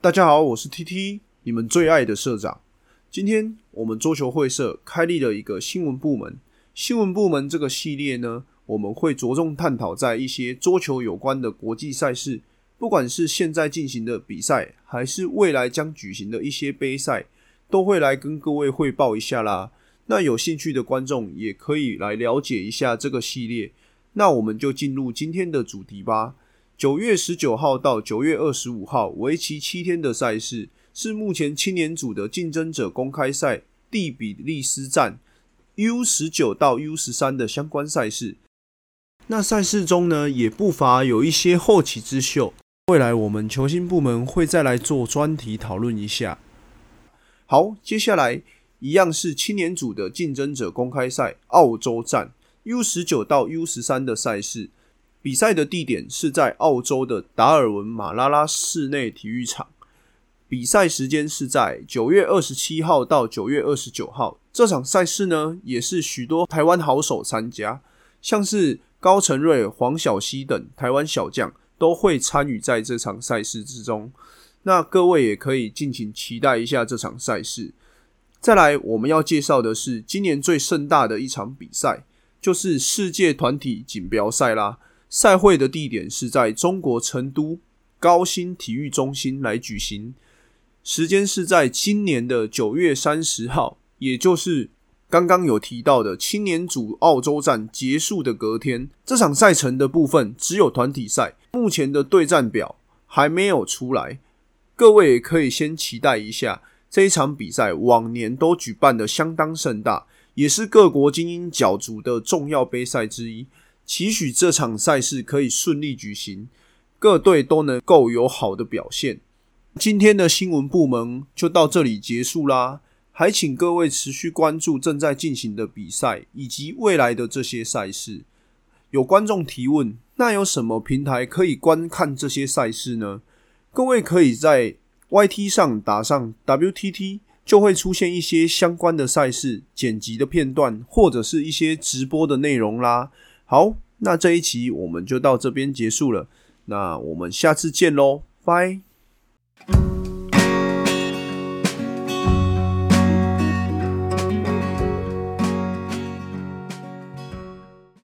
大家好，我是 TT，你們最愛的社長。今天我們桌球會社開立了一個新聞部門。新聞部門這個系列呢，我們會着重探討在一些桌球有關的國際賽事，不管是現在進行的比賽，還是未來將舉行的一些杯賽，都會來跟各位匯報一下啦。那有興趣的觀眾也可以來了解一下這個系列。那我們就進入今天的主題吧。九月十九號到九月二十五號為期七天的賽事，是目前青年組的競爭者公開賽第比利斯站 U 十九到 U 十三的相關賽事。那賽事中呢，也不乏有一些後起之秀。未來我們球星部門會再來做專題討論一下。好，接下來一樣是青年組的競爭者公開賽澳洲站 U 十九到 U 十三的賽事，比賽的地點是在澳洲的達爾文馬拉拉室內體育場，比賽時間是在九月二十七號到九月二十九號。這場賽事呢，也是許多台灣好手參加，像是高承瑞、黃小溪等台灣小將都會參與在這場賽事之中。那各位也可以盡情期待一下這場賽事。再來，我們要介紹的是今年最盛大的一場比賽，就是世界團體錦標賽啦。賽會的地點是在中國成都高新體育中心來舉行，時間是在今年的九月三十號，也就是剛剛有提到的青年組澳洲站結束的隔天。這場賽程的部分只有團體賽，目前的對戰表還沒有出來。各位也可以先期待一下這一場比賽，往年都舉辦得相當盛大，也是各國精英角逐的重要杯賽之一。期許這場賽事可以順利舉行，各隊都能夠有好的表現。今天的新聞部門就到這裡結束啦，還請各位持續關注正在進行的比賽以及未來的這些賽事。有觀眾提問，那有什麼平台可以觀看這些賽事呢？各位可以在 YT 上打上 WTT，就會出現一些相關的賽事剪輯的片段，或者是一些直播的內容啦。好，那這一期我們就到這邊結束了，那我們下次見嘍，拜。